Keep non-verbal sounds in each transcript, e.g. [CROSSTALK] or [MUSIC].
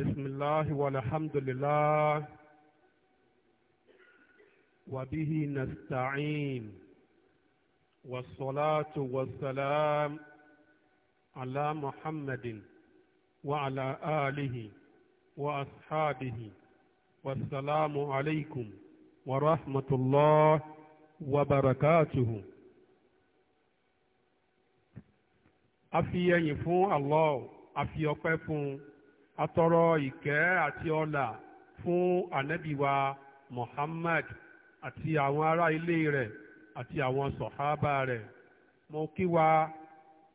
بسم الله والحمد لله وبه نستعين والصلاة والسلام على محمد وعلى آله وأصحابه والسلام عليكم ورحمة الله وبركاته أفي يفون الله أفي يقفون atọrọ ìkẹ́ àti ọlà fún ànábì wa Muhammad àti àwọn ará ilé rẹ̀ àti àwọn sọ̀hábà rẹ̀ mo kí wa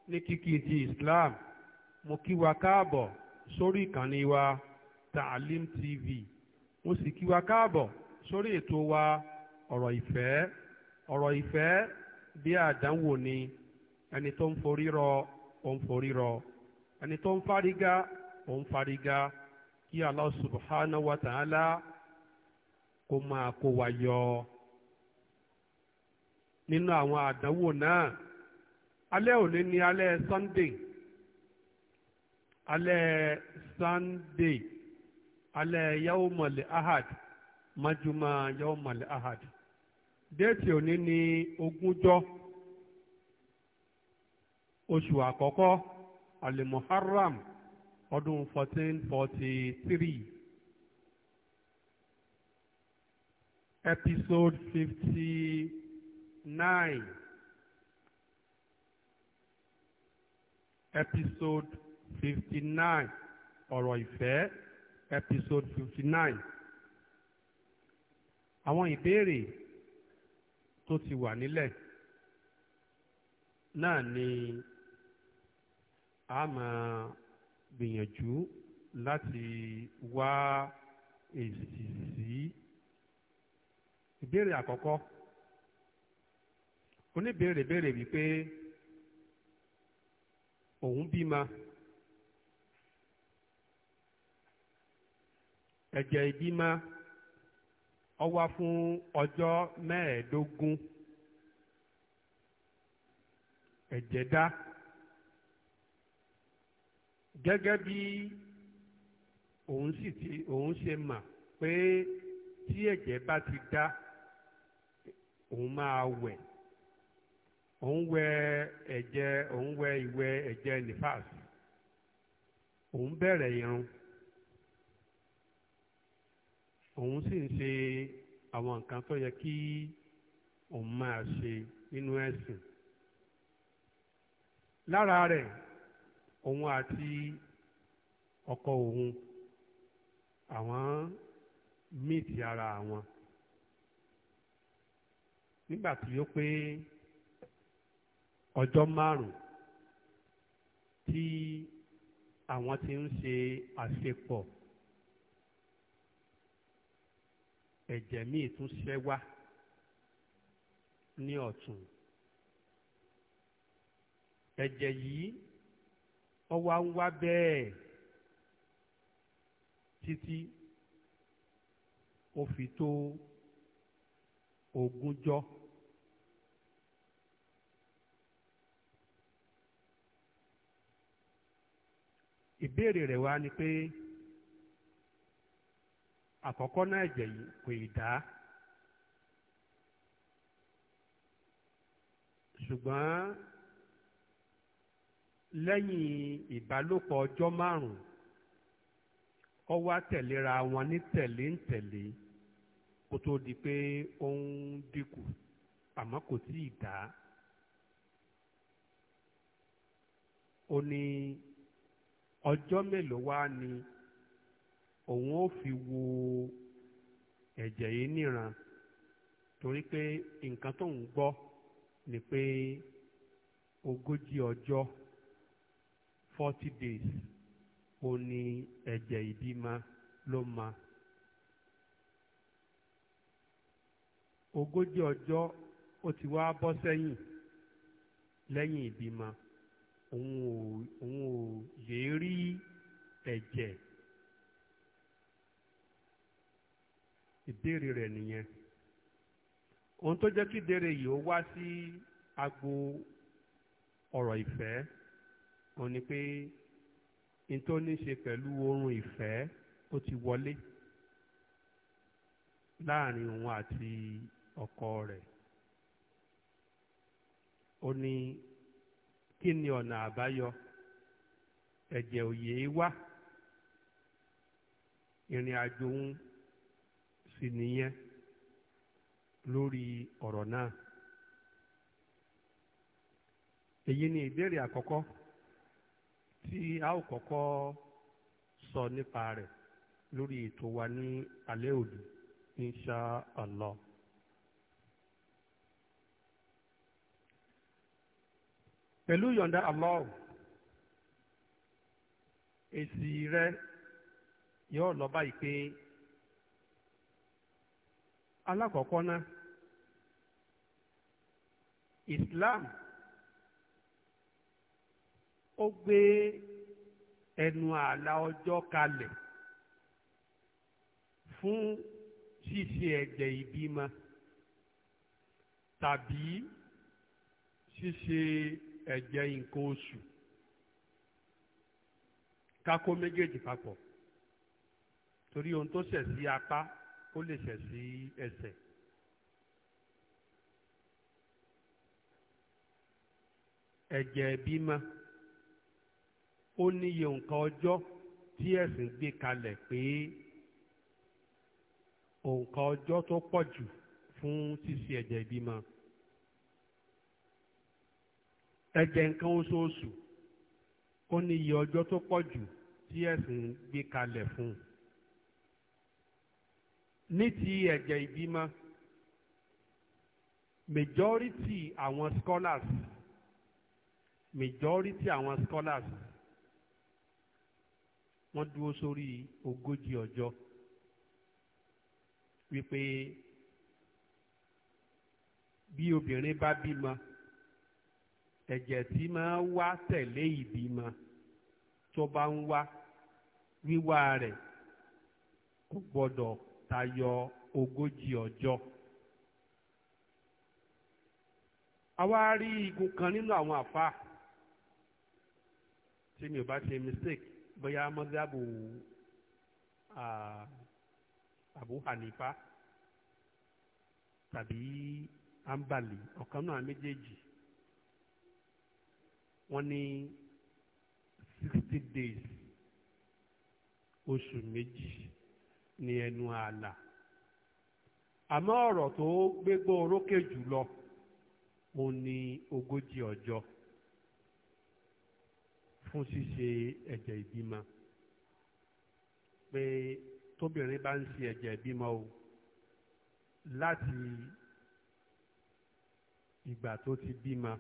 ní kíkí ti Islam mo kí wa káàbọ̀ sórí ìkànnì wa Ta'alim TV mo sì kí wa káàbọ̀ sórí ètò wa ọ̀rọ̀ ìfẹ́ ọ̀rọ̀ ìfẹ́ bí àdánwò ni ẹni tó ń forí rọ ó ń forí rọ ẹni tó ń fárígá òun fariga kí Allah subhanahu wa ta'ala kó máa kó wa yọ nínú àwọn àdánwò náà alẹ́ òní ni alẹ́ Sunday alẹ́ Sunday alẹ́ yaumali ahad majuma yaumali ahad déètì òní ni ogúnjọ́ oṣù àkọ́kọ́ alimuharram ọdún fourteen forty three episode fifty nine episode fifty nine ọ̀rọ̀ ìfẹ́ episode fifty nine àwọn ìbéèrè tó ti wà nílẹ̀ náà ni a máa gbìyànjú láti wá èsì sí ìbéèrè àkọ́kọ́ oníbéèrè béèrè wípé òun bímọ ẹ̀jẹ̀ ìbímọ ó wà fún ọjọ́ mẹ́ẹ̀ẹ́dógún ẹ̀jẹ̀ dá. E gẹ́gẹ́ bí òun sì ti òun ṣe mà pé tí ẹ̀jẹ̀ bá ti dá òun máa wẹ̀ òun wẹ ẹ̀jẹ̀ òun wẹ ìwẹ̀ ẹ̀jẹ̀ nifas òun bẹ̀rẹ̀ irun òun sì ń ṣe àwọn nǹkan tó yẹ kí òun máa ṣe nínú ẹ̀sìn lára rẹ̀ òun àti ọkọ òun àwọn míìtì ara àwọn nígbà tí ó pé ọjọ́ márùn tí àwọn ti ń ṣe àṣepọ̀ ẹ̀jẹ̀ míì tún ṣẹ́ wá ní ọ̀tún ẹ̀jẹ̀ yìí ọwọ́ à ń wá bẹ́ẹ̀ títí ó fi tó ogúnjọ́. ìbéèrè rẹ̀ wá ni pé àkọ́kọ́ náà ẹ̀jẹ̀ yìí kò ì dá ṣùgbọ́n lẹ́yìn ìbálòpọ̀ ọjọ́ márùn-ún ó wá tẹ̀léra wọn ní tẹ̀lé ń tẹ̀lé kó tó di pé ó ń dínkù àmọ́ kò tí ì dá. ó ní ọjọ́ mélòó wá ni òun ó fi wo ẹ̀jẹ̀ yìí níran torí pé nǹkan tó ń gbọ́ ni pé ogójì ọjọ́. forty days ó ní ẹ̀jẹ̀ ìbímọ ló ma ogójì ọjọ́ ó ti wá bọ́ sẹ́yìn lẹ́yìn ìbímọ òun ò òun ò lè rí ẹ̀jẹ̀ ìbéèrè rẹ̀ nìyẹn ohun tó jẹ́ kí ìbéèrè yìí ó wá sí agbo ọ̀rọ̀ ìfẹ́. òun ni pé n tó ní ṣe pẹ̀lú oorun ìfẹ́ ó ti wọlé láàrin òun àti ọkọ rẹ̀ ó ní kí ni ọ̀nà àbáyọ ẹ̀jẹ̀ òye wá ìrìn àjò òun sì nìyẹn lórí ọ̀rọ̀ náà èyí ni ìbéèrè àkọ́kọ́. tí a ó sọ nípa rẹ̀ lórí ètò wa ní alẹ́ òní insha allah. pẹ̀lú yọ̀ǹda allah èsì rẹ̀ yóò lọ báyìí pé alákọ̀ọ́kọ́ Islam. ó gbé ẹnu ààlà ọjọ́ kalẹ̀ fún ṣíṣe ẹ̀jẹ̀ ìbímọ tàbí ṣíṣe ẹ̀jẹ̀ nǹkan oṣù kákó méjèèjì papọ̀ torí ohun tó ṣẹ̀ sí apá ó lè ṣẹ̀ sí ẹsẹ̀. ẹ̀jẹ̀ ìbímọ ó níye nǹkan ọjọ́ tí ẹ̀sìn gbé kalẹ̀ pé òǹkà ọjọ́ tó pọ̀ jù fún ṣíṣe ẹ̀jẹ̀ ìbímọ ẹ̀jẹ̀ nǹkan oṣooṣù ó ní iye ọjọ́ tó pọ̀ jù tí ẹ̀sìn gbé kalẹ̀ fún ní ti ẹ̀jẹ̀ ìbímọ majority àwọn scholars majority àwọn scholars wọ́n dúró sórí ogójì ọjọ́ wípé bí obìnrin bá bímọ ẹ̀jẹ̀ tí máa wá tẹ̀lé ìbímọ tó bá ń wá wíwá rẹ̀ kò gbọ́dọ̀ tayọ ogójì ọjọ́. a wá rí igun kan nínú àwọn àfa tí mi ò bá ṣe mistake bóyá mọ́sáàbù Abu Hanifa tàbí Ambali ọ̀kan náà méjèèjì wọ́n ní sixty days oṣù méjì ní ẹnu ààlà àmọ́ ọ̀rọ̀ tó gbégbó orókè jùlọ òun ní ogójì ọjọ́ fún ṣíṣe ẹ̀jẹ̀ ìbímọ pé tóbìnrin bá ń ṣe ẹ̀jẹ̀ ìbímọ o láti ìgbà tó ti bímọ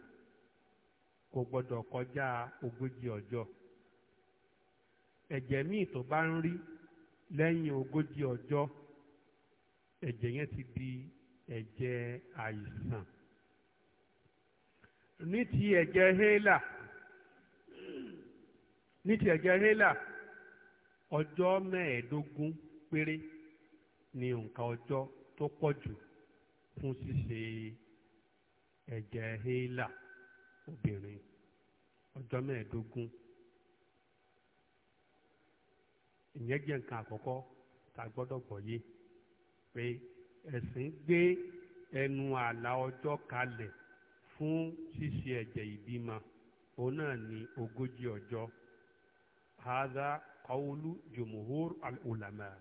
kò gbọdọ̀ kọjá ogójì ọjọ́ ẹ̀jẹ̀ míì tó bá ń rí lẹ́yìn ogójì ọjọ́ ẹ̀jẹ̀ yẹn ti di ẹ̀jẹ̀ àìsàn ní ti ẹ̀jẹ̀ hélà ní ti ẹ̀jẹ̀ rélà ọjọ́ mẹ́ẹ̀ẹ́dógún péré ni nǹkan ọjọ́ tó pọ̀ jù fún ṣíṣe ẹ̀jẹ̀ rélà obìnrin ọjọ́ mẹ́ẹ̀ẹ́dógún ìyẹn jẹ́ nǹkan àkọ́kọ́ tá a gbọ́dọ̀ gbọ́ yé pé ẹ̀sìn gbé ẹnu ààlà ọjọ́ kalẹ̀ fún ṣíṣe ẹ̀jẹ̀ ìbímọ òun náà ní ogójì ọjọ́. هذا قول جمهور العلماء ulama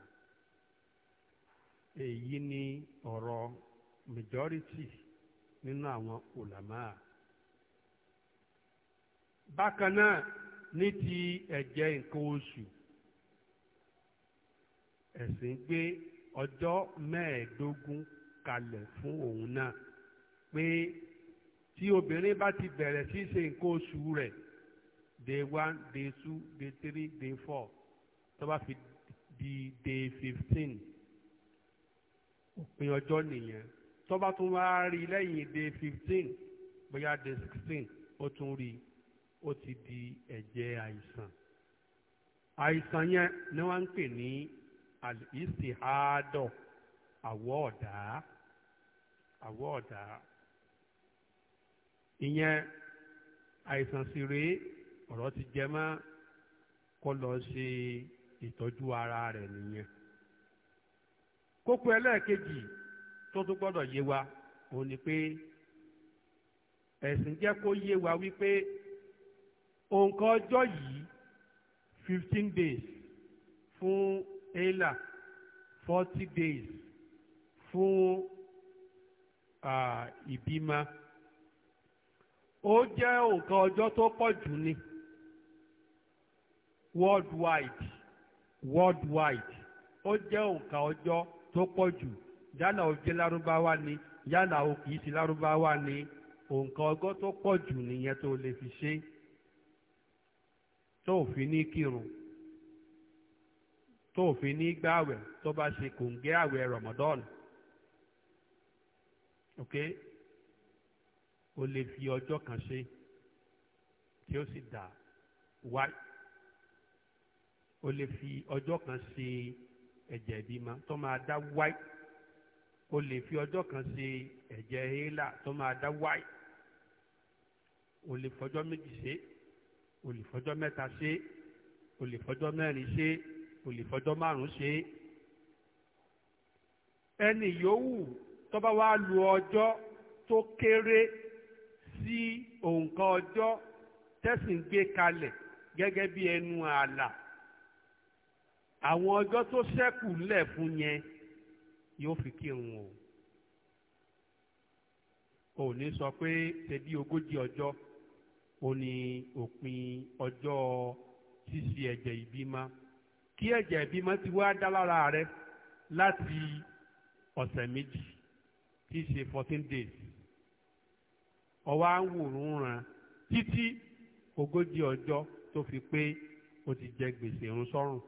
èyí ni ọ̀rọ̀ majority nínú àwọn ulama bákan náà ní ti ẹ̀jẹ̀ nǹkan oṣù ẹ̀sìn gbé ọjọ́ mẹ́ẹ̀ẹ́dógún kalẹ̀ fún òun náà pé tí obìnrin bá ti bẹ̀rẹ̀ sí ṣe nǹkan oṣù rẹ̀ day one day two day three day four tó bá fi di day fifteen òpin ọjọ́ nìyẹn tó bá tún wá rí lẹ́yìn day fifteen bóyá day sixteen ó tún rí ó ti di ẹ̀jẹ̀ àìsàn àìsàn yẹn ni wọ́n ń pè ní àìsìhádọ̀ àwọ̀ ọ̀dà àwọ̀ ọ̀dà ìyẹn àìsàn sì rèé ọ̀rọ̀ ti jẹ mọ́ kó lọ ṣe ìtọ́jú ara rẹ̀ nìyẹn. kókó ẹlẹ́ẹ̀kejì tó tún gbọ́dọ̀ yé wa òun ni pé ẹ̀sìn jẹ́ kó yé wa wípé òǹkà ọjọ́ yìí fifteen days fún eila forty days fún ìbímọ ó jẹ́ òǹkà ọjọ́ tó pọ̀ jù ni worldwide worldwide ó jẹ́ òǹkà ọjọ́ tó pọ̀ jù yálà ó jẹ́ lárúbáwá ni yálà ó sí lárúbáwá ni òǹkà ọjọ́ tó pọ̀ jù nìyẹn tó lè fi ṣe tó fi ní kírun tó fi ní gbààwẹ̀ tó bá ṣe kòǹgẹ́ àwẹ̀ Ramadan ok o lè fi ọjọ́ kan ṣe tí ó sì dá wáyé o lè fi ọjọ́ kan ṣe ẹ̀jẹ̀ ìbímọ tó máa dá wáì o lè fi ọjọ́ kan ṣe ẹ̀jẹ̀ hélà tó máa dá wáì o lè fọjọ́ méjì ṣe o lè fọjọ́ mẹ́ta ṣe o lè fọjọ́ mẹ́rin ṣe o lè fọjọ́ márùn ṣe ẹni yòówù tó bá wá lu ọjọ́ tó kéré sí òǹkà ọjọ́ tẹ̀sìn gbé kalẹ̀ gẹ́gẹ́ bí ẹnu ààlà àwọn ọjọ́ tó ṣẹ́kù lẹ̀ fún yẹn yóò fi kírun o ò ní sọ pé tẹ̀bí ogójì ọjọ́ ó ní òpin ọjọ́ ṣíṣe ẹ̀jẹ̀ ìbímọ kí ẹ̀jẹ̀ ìbímọ ti wá dá lára rẹ láti ọ̀sẹ̀ méjì tí í ṣe fourteen days ọwọ́ à ń wòrán ran títí ogójì ọjọ́ tó fi pé ó ti jẹ gbèsè ń sọ́rùn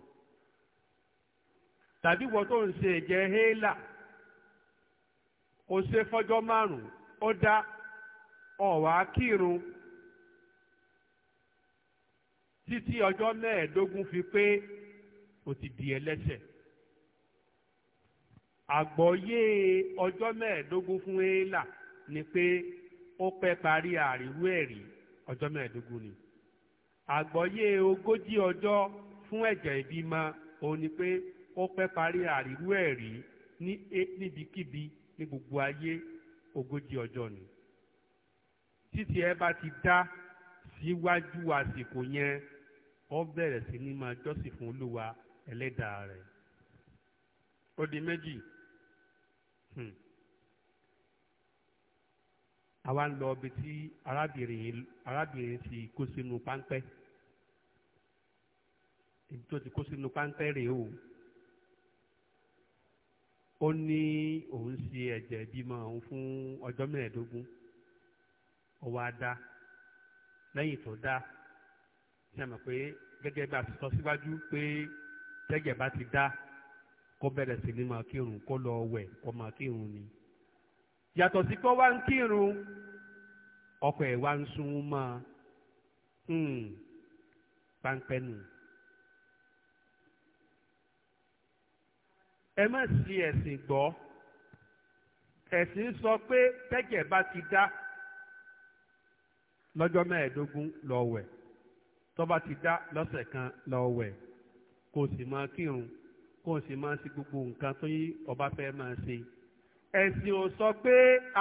tàbí wọ́n tó ń ṣe ẹ̀jẹ̀ héélà kò ṣe fọ́jọ́ márùn-ún ó dá ọ̀wá kírun títí ọjọ́ mẹ́ẹ̀ẹ́dógún fi pé ó ti di ẹlẹ́ṣẹ̀ àgbọ́yé ọjọ́ mẹ́ẹ̀ẹ́dógún fún éélà ni pé ó pẹ́ parí àríwú ẹ̀rí ọjọ́ mẹ́ẹ̀ẹ́dógún ni àgbọ́yé ogójì ọjọ́ fún ẹ̀jẹ̀ ìbímọ òun ni pé ó pẹ́ parí àrírú ẹ̀ rí ní níbikíbi ní gbogbo ayé ogójì ọjọ́ ni títí ẹ bá ti dá síwájú àsìkò yẹn ó bẹ̀rẹ̀ sí ní máa jọ́sìn fún olúwa ẹlẹ́dàá rẹ̀ ó di méjì àwa hmm. ń lọ ibi tí arábìnrin arábìnrin ti kó sínú páńpẹ́ ibi tó ti kó sínú páńpẹ́ rèé o. ó ní òun ṣe ẹ̀jẹ̀ ìbímọ òun fún ọjọ́ mẹ́ẹ̀ẹ́dógún ó wá dá lẹ́yìn tó dá ṣe mọ̀ pé gẹ́gẹ́ bá si ti sọ síwájú pé tẹ́jẹ̀ bá ti dá kó bẹ̀rẹ̀ sí ní máa kírun kó lọ wẹ̀ kó ni yàtọ̀ sí pé wá ń kírun ọkọ̀ ẹ̀ wá ń sún mọ́ páńpẹ́ hmm, ẹ má sí ẹ̀sìn gbọ́ ẹ̀sìn sọ pé tẹ́jẹ̀ bá ti dá lọ́jọ́ mẹ́ẹ̀ẹ́dógún lọ wẹ̀ tọ́ba ti dá lọ́sẹ̀ kan lọ wẹ̀ kó o sì máa kírun kó o sì máa ṣe gbogbo nǹkan tó yí ọba fẹ́ máa ṣe ẹ̀sìn ò sọ pé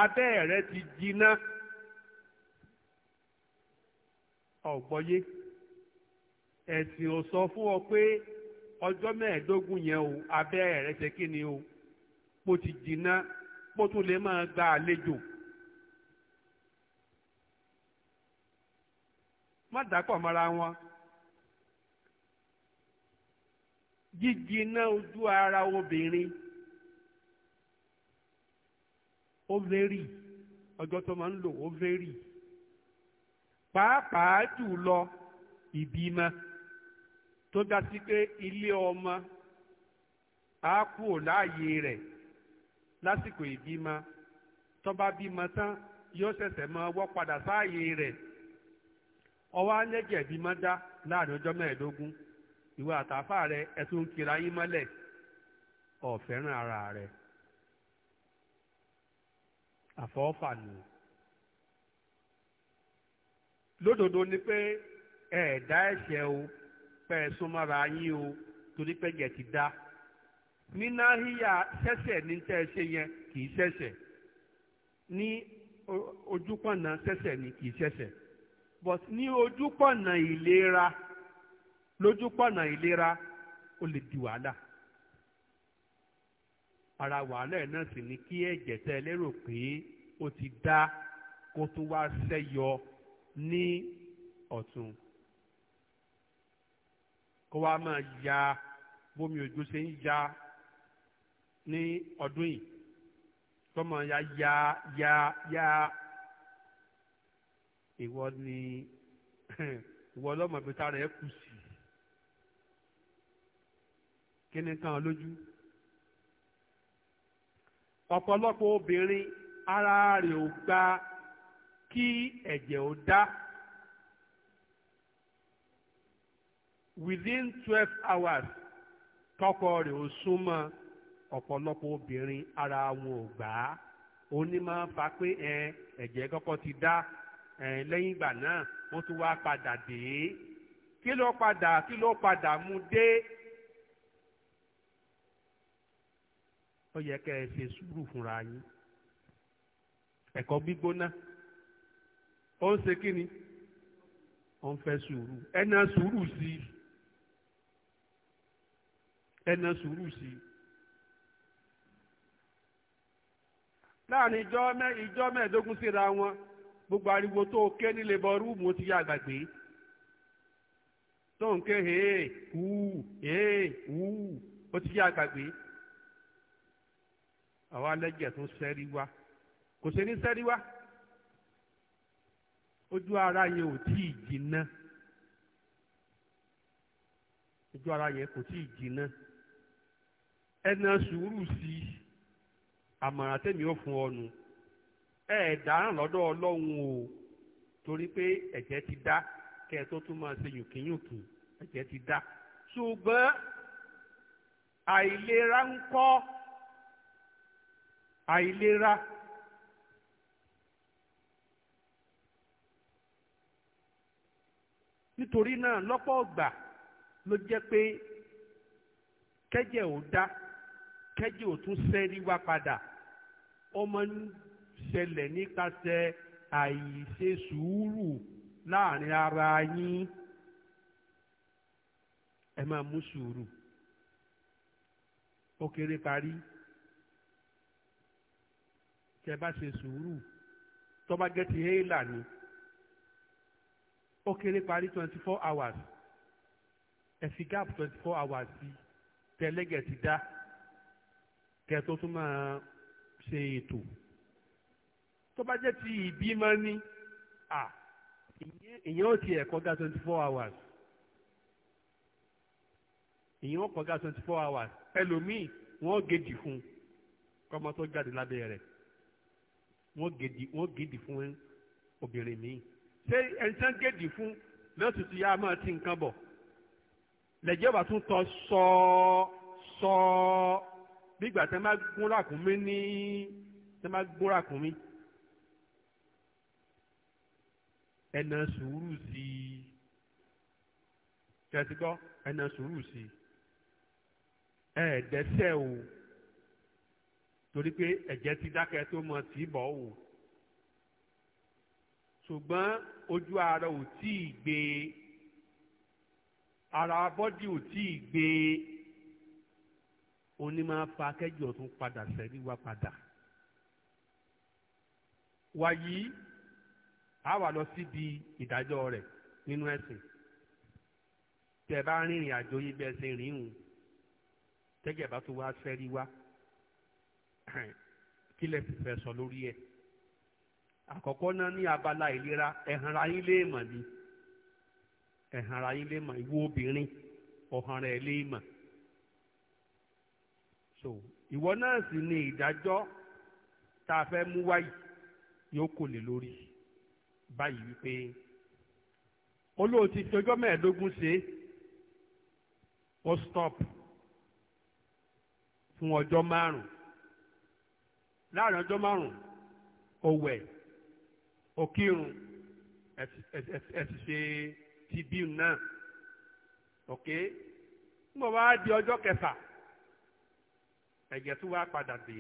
abẹ́ rẹ ti jiná ọ̀gbọ́yé ẹ̀sìn ò sọ fún ọ pé ọjọ́ mẹ́ẹ̀ẹ́dógún yẹn o abẹ́ rẹ̀ ṣe kí ni o mo ti jìnnà mo tún lè máa gba àlejò. má dàpọ̀ mọ́ra wọn. jíjìnnà ojú ara obìnrin ovary ọjọ́ tó máa ń lò ovary pàápàá jù lọ ìbímọ. tó dá sí pé ilé ọmọ á kúrò láàyè rẹ̀ lásìkò ìbímọ tó bá bímọ tán yóò ṣẹ̀ṣẹ̀ máa wọ́ padà sáàyè rẹ̀ ọwọ́ alẹ́jẹ̀ bímọ dá láàrin ọjọ́ mẹ́ẹ̀ẹ́dógún ìwé àtàfà rẹ ẹ̀sùn ń kira yín mọ́lẹ̀ ọ̀fẹ́ràn ara rẹ̀ àfọ́fà nù. lódodo ni pé ẹ̀ẹ̀dá ẹ̀ṣẹ̀ o. pẹ́ ẹ sún mọ́ra yín o torí pẹ́jẹ ti dá nínáhíyà sẹ́sẹ̀ ní tẹ́ ẹ ṣe yẹn kì í sẹ́sẹ̀ ní ojúpọ̀nà sẹ́sẹ̀ ní kì í sẹ́sẹ̀ but ní ojúpọ̀nà ìlera lójúpọ̀nà ìlera o lè di wàhálà ara wàhálà náà sì ni kí ẹ̀jẹ̀ tẹ́ ẹ lérò pé ó ti dá kó tó wá ṣẹ́yọ ní ọ̀tún. kó wá máa ya bómi òjò ṣe ń ya ní ọdún yìí kó máa ya ya ya ya ìwọ ni [LAUGHS] ìwọ ọlọ́mọ ibi tá rẹ̀ kù sí kí ni kan lójú ọ̀pọ̀lọpọ̀ obìnrin ara rẹ̀ ò gba kí ẹ̀jẹ̀ ò dá. within twelve hours tọkọ rẹ̀ ò súnmọ́ ọ̀pọ̀lọpọ̀ obìnrin ara wọn ò gbà á òní máa ń fa pé ẹ̀jẹ̀ kọ́kọ́ ti dá lẹ́yìn ìgbà náà wọ́n tún wá padà dé kí ló padà kí ló padà mú dé ó yẹ kẹ́ ẹ ṣe sùúrù fúnra yín ẹ̀kọ́ gbígbóná ó ń ṣe kí ni ó ń fẹ́ sùúrù ẹ̀ náà sùúrù sí i. ena sùúrù sí i. láàrin ìjọ wọn gbogbo ariwo tó ké nílé bọ rúùmù ti yá àgbàgbé tó ń ké hèé hùú hèé hùú ó ti yá àgbàgbé àwa lẹ́jẹ̀ tó sẹ́rí wá kò sí ní ara yẹn ò tí ì jìnnà ẹna sùúrù sí i àmọ̀ràn ó fún ọ nù ẹ dáràn lọ́dọ̀ ọlọ́run o torí pé ẹ̀jẹ̀ ti dá kẹ́ ẹ tó tún máa ṣe yùnkínyùnkín ẹ̀jẹ̀ ti dá ṣùgbọ́n àìlera ń kọ́ àìlera. nítorí náà lọ́pọ̀ ọgbà ló jẹ́ pé kẹ́jẹ̀ ò dá kẹ́jì ò tún sẹ́rí wá padà ó máa ń ṣẹlẹ̀ nípasẹ̀ àìṣe sùúrù láàrin ara yín ẹ máa mú sùúrù ó kéré parí tẹ bá ṣe sùúrù tọ́ba gẹ́tì hélà ni ó kéré parí twenty four hours ẹ fi gáàpù twenty four hours sí tẹ́lẹ́gẹ̀ ti dá kẹ́ tó tún máa ṣe ètò tó bá jẹ́ ti ìbímọ ní à ìyẹn ò tiẹ̀ kọjá twenty four hours ìyẹn ò kọjá twenty four hours ẹlòmíì wọ́n gèdì fún kọ́mọ tó jáde lábẹ́ rẹ̀ wọ́n gèdì wọ́n gèdì fún obìnrin míì ṣé ẹnìkan gèdì fún lọ́sù tí yá máa ti nǹkan bọ̀ lẹ́jọ́ bá tún tọ́ sọ sọ. So, so bí ìgbà tẹ́ máa gún ràkúnmí ní tẹ́ máa gún ràkúnmí ẹ̀nà sùúrù sí i kẹ́sì gbọ́ ẹ̀nà sùúrù sí i ẹ̀ẹ́dẹ́sẹ̀ o torí pé ẹ̀jẹ̀ ti dákẹ́ tó mọ tì í bọ̀ o ṣùgbọ́n ojú ara ò tí ì gbé ara bọ́dì ò tí ì gbé oní máa fa akẹ́jù ọ̀tún padà sẹ́rí wá padà wàyí a wà lọ síbi ìdájọ́ rẹ̀ nínú ẹ̀sìn tẹ́ bá rìnrìn àjò yìí bẹ́ẹ̀ ṣe rìn ún tẹ́jẹ̀ bá tó wá sẹ́rí wá [CLEARS THROAT] kí lẹ fẹ́ sọ lórí ẹ̀ àkọ́kọ́ náà ní abala ìlera ẹ̀hànra yín léèmọ̀ ni ẹ̀hànra yín léèmọ̀ ìwọ obìnrin ọ̀hànra ẹ̀ léèmọ̀. so ìwọ náà sì ni ìdájọ́ tá a fẹ́ mú wáyìí yóò kò lè lórí báyìí wípé olóòtú ìjọjọ́ mẹ́ẹ̀ẹ́dógún ṣe ó stop fún ọjọ́ márùn-ún láàrin ọjọ́ márùn-ún ó wẹ̀ ó kírun ẹ̀sì ṣe tìbíù náà ok ń bọ̀ wá di ọjọ́ kẹfà. ẹ̀jẹ̀ tó wá padà dé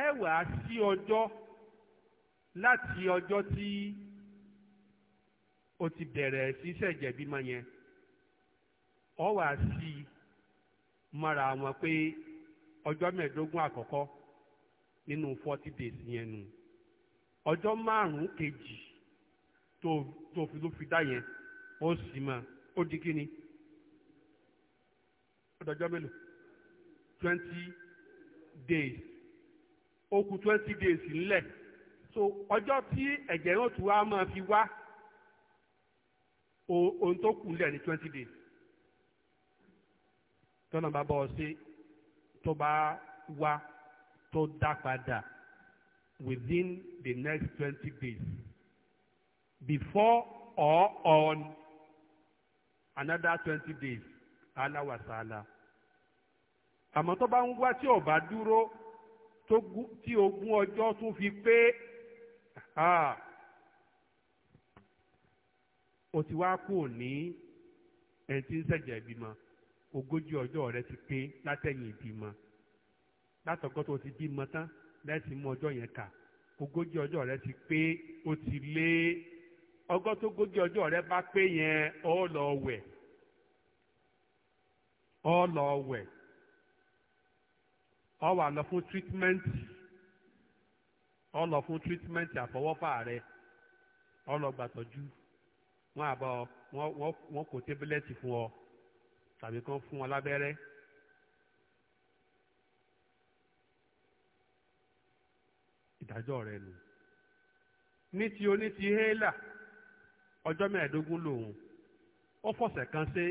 ẹ wà sí ọjọ́ láti ọjọ́ tí o ti bẹ̀rẹ̀ sí ṣẹ̀jẹ̀ bímọ yẹn ọ wà á sí mara wọn pé ọjọ́ mẹ́ẹ̀ẹ́dógún àkọ́kọ́ nínú forty days yẹn nù ọjọ́ márùn-ún kejì tó tó fi dá ó sì ó di twenty days ó kù twenty days ńlẹ̀ so ọjọ́ tí ẹ̀jẹ̀ náà tún wá máa fi wá ohun tó kù ńlẹ̀ ní twenty days tọ́nà bá bọ́ ọ sí tó bá wá tó dá padà within the next twenty days before or on another twenty days Allah alawasala àmọ́ tó bá ń wá tí ọba dúró tí ogún ọjọ́ tún fi pé o ti wá kú ní ẹni tí ń ṣẹ̀jẹ̀ ìbímọ ogójì ọjọ́ rẹ ti pé látẹ̀yìn ìbímọ látọ̀gọ́ tó ti bímọ tán lẹ́sìn mú ọjọ́ yẹn kà ogójì ọjọ́ rẹ ti pé o ti lé ọgọ́ tó gójì ọjọ́ rẹ bá pé yẹn ọ lọ wẹ̀ ọ lọ wẹ̀ ọ wà lọ fún tírítímẹ́ǹtì ọ lọ fún tírítímẹ́ǹtì àfọwọ́fà rẹ ọ lọ gbàtọ́jú wọ́n àbọ̀ wọ́n kò tébílẹ́tì fún ọ tàbí kán fún ọ lábẹ́rẹ́. ìdájọ́ rẹ nù ní ti oní ti hélà ọjọ́ mẹ́ẹ̀ẹ́dógún lòun ó fọ̀sẹ̀ kan ṣe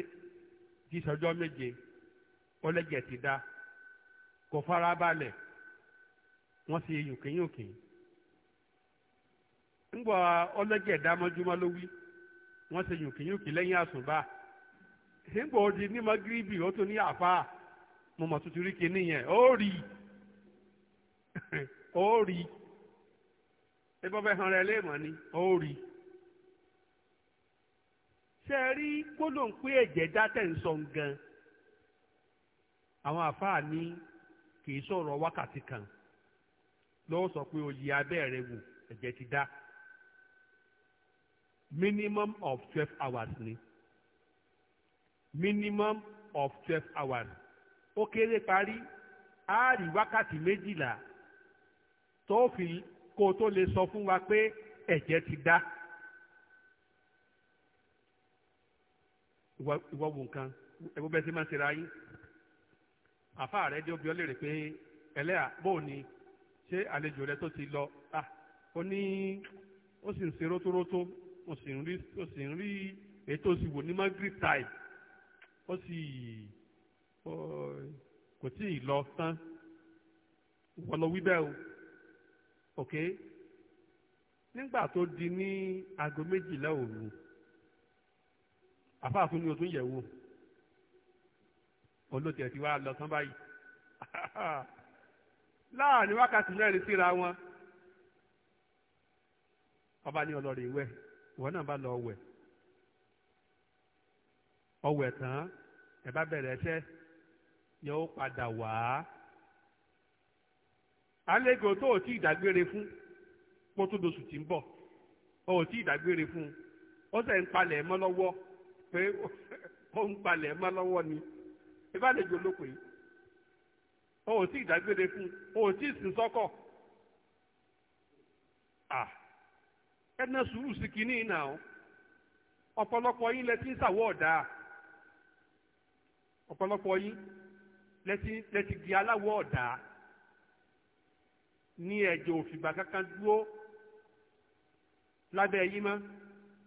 jíṣọjọ́ méje ó lẹ́jẹ̀ ti dá kò fara balẹ̀ wọ́n sì yùnkìyùnkì ńgbọ́ ọlọ́jẹ̀ dámọ́júmọ́ ló wí wọ́n sì yùnkìyùnkì lẹ́yìn àsùnbà ńgbọ́ odi ní magiribi ó tún ní àfa mo mọ̀ tuntun rí kinní yẹn ó rí [LAUGHS] ó rí hàn rẹ léèmọ̀ ni ó rí ṣe é rí gbólóhùn pé ẹ̀jẹ̀ kì í sọ̀rọ̀ wákàtí kan lọ́wọ́ sọ pé oyè abẹ́ rẹ ẹ̀jẹ̀ ti dá minimum of twelve hours ni minimum of twelve hours ó kéré parí á rí wákàtí méjìlá tó fi kó tó lè sọ fún wa pé ẹ̀jẹ̀ ti dá. ìwọ wo nǹkan ẹ̀wọ́ bẹ́ẹ̀ ṣe máa ń ṣe ra yín. àfa rẹ jẹ́ obìọ́ lérè pé ẹlẹ́à bóò ni ṣé àlejò rẹ tó ti lọ ah ó ní ó sì ń ṣe rótórótó ó sì ń rí ó sì ń rí ètò òsì wò ní magreth time ó sì kò tí ì lọ tán wọ́n wí bẹ́ẹ̀ o ok nígbà tó di ní aago méjìlá òru àfa ni o tún yẹ̀ wò. olóòtú ti wá lọ tán báyìí [LAUGHS] láàrin wákàtí mẹ́rin síra wọn ọba ní ọlọ́rin ìwẹ̀ ìwọ náà bá lọ ọwẹ̀ ọwẹ̀ tán ẹ bá bẹ̀rẹ̀ ẹsẹ̀ yóò padà wá àlejò tó o tí ì fún pọ́tòdóṣù [LAUGHS] ni. ìbálejò lópin o ò tí ì dágbére fún o ò tí ì sìn sọ́kọ̀ ẹ̀dínà sùúrù sí kínní ìnà o ọ̀pọ̀lọpọ̀ yín lẹ́tí ń sàwọ́ ọ̀dà ọ̀pọ̀lọpọ̀ yín lẹ́tí di aláwọ̀ ọ̀dà ní ẹ̀jẹ̀ òfìgbà kankan dúró lábẹ́ yín mọ́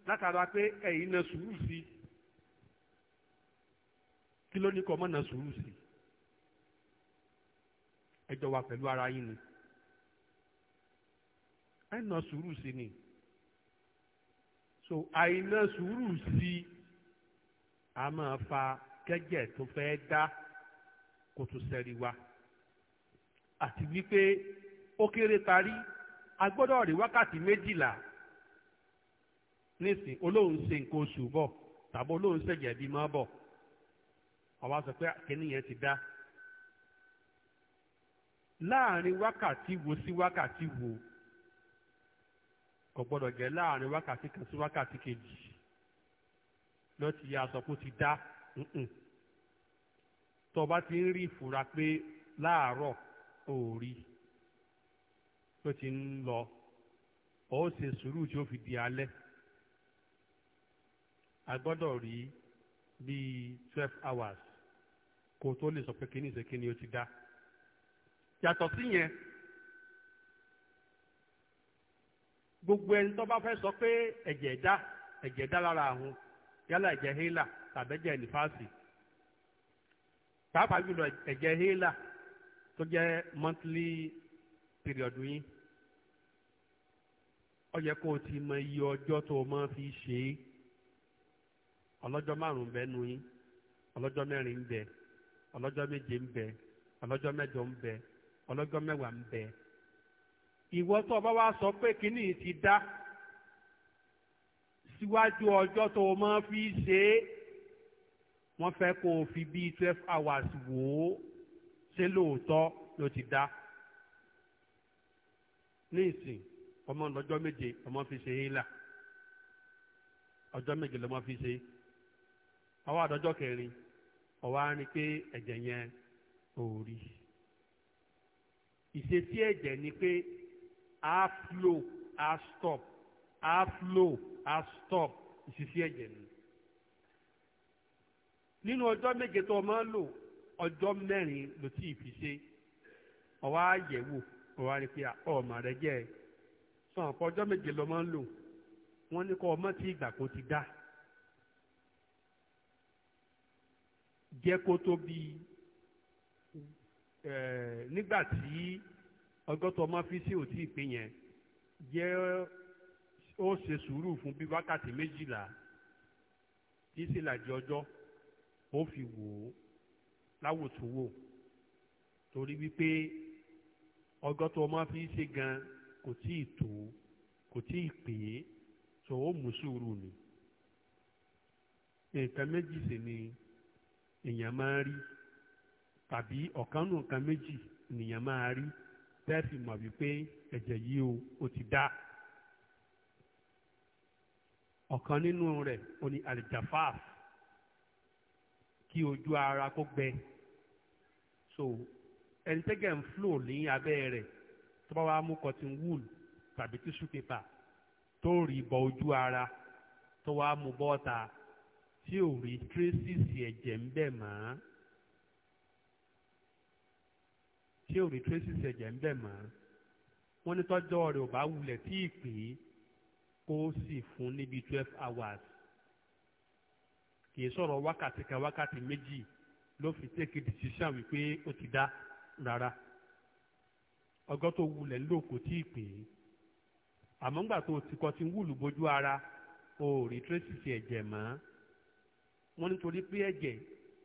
látara pé ẹ̀yin náà sùúrù sí i kí ló ní kọ́ mọ́nà sùúrù sí ẹjọ́ wa pẹ̀lú ara yín ni àìná sùúrù sí ni so àìná sùúrù sí a máa fa kẹ́jẹ̀ tó fẹ́ dá kó tó sẹ́rí wa àti wípé ó kéré parí a gbọ́dọ̀ rí wákàtí méjìlá nísìn olóhùn ṣe nǹkan oṣù bọ̀ tàbí olóhùn ṣẹ̀jẹ̀ bímọ bọ̀ àwọn sọ pé kínní yẹn ti dá láàrin wákàtí wo sí wákàtí wo kò gbọdọ̀ jẹ́ láàrin wákàtí kan sí wákàtí kejì lọ ti yà sọ pé ó ti dá tó o bá ti ń rí ìfura pé láàárọ̀ ò rí tó ti ń lọ ó ṣe sùúrù tí ó fi di alẹ́ a gbọ́dọ̀ rí bíi twelve hours kò tó lè sọ pé kíní ìṣe kíní ó ti dá yàtọ̀ sí yẹn gbogbo ẹni tó bá fẹ́ sọ pé ẹ̀jẹ̀ dá ẹ̀jẹ̀ dá lára àwọn yálà ẹ̀jẹ̀ hélà tàbẹ́jẹ̀ nífàsì pàápàá jùlọ ẹ̀jẹ̀ hélà tó jẹ́ monthly period yín ó yẹ kó o ti mọ iye ọjọ́ tó o fi ṣe é ọlọ́jọ́ márùn-ún bẹ́ẹ̀ nu yín ọlọ́jọ́ méje ń bẹ ọlọ́jọ́ mẹ́jọ ń bẹ ọlọ́jọ́ mẹ́wàá ń bẹ ìwọ tó o bá wá sọ pé kínní ti dá síwájú ọjọ́ tó o máa fi ṣe é wọ́n fẹ́ kó o fi bíi twelve hours wò ó ṣé lóòótọ́ ló ti dá ní ìsìn ọmọ lọ́jọ́ méje ọmọ fi ṣe é là ọjọ́ méje lọ́mọ fi ṣe é àwa àdọ́jọ́ kẹrin ọ̀wá ni pé ẹ̀jẹ̀ yẹn ò rí ìṣesí ẹ̀jẹ̀ ni pé a flow a stop a flow a stop ìṣesí ẹ̀jẹ̀ ni nínú ọjọ́ méje tó o máa ń lò ọjọ́ mẹ́rin ló tí ì fi ṣe ọwọ́ àyẹ̀wò ọwọ́ àrí pé ọmọ rẹ jẹ́ ẹ sọ méje ló máa ń lò wọ́n ní kọ́ ọmọ tí ìgbà kan ti dá jẹ́ kó tó bí nígbà tí ọgọ́tọ̀ ọmọ fi sí òtí ìpín yẹn jẹ́ ó ṣe sùúrù fún bí wákàtí méjìlá tí sì làjẹ ọjọ́ ó fi wò ó láwòtúwò torí wípé ọgọ́tọ̀ ọmọ fi ṣe gan kò tí ì tó kò tí ì pè é tó ó mú sùúrù ni nǹkan méjì sì ni èèyàn máa rí tàbí ọ̀kanú nǹkan méjì nìyẹn máa rí tẹ́ẹ̀fì mọ̀ wípé ẹ̀jẹ̀ yìí o ó ti dá ọ̀kan nínú rẹ̀ ó ní aljafaf kí ojú ara kó gbẹ so ẹni tẹ́gẹ̀ ń flò ní abẹ́ rẹ̀ tó bá wàá mú cotton wool tàbí tissue paper tó rí bọ ojú ara tó wàá mú bọ́ta tí ò rí tírísìsì ẹ̀jẹ̀ ń bẹ̀ mọ́ tí ò rí tírísìsì ẹ̀jẹ̀ ń bẹ̀ mọ́ wọ́n ní tọ́jọ́ rẹ̀ ò bá wulẹ̀ tí ì pè é kó sì fún níbi twelve hours kì í sọ̀rọ̀ wákàtí kan wákàtí méjì ló fi take decision wípé ó ti dá rárá ọgọ́ tó wulẹ̀ ńlò kò tí ì pè é àmọ́ ńgbà tó ti kọ́ ti ń bójú ara o ò rí tírísìsì ẹ̀jẹ̀ mọ́ wọ́n nítorí pé ẹ̀jẹ̀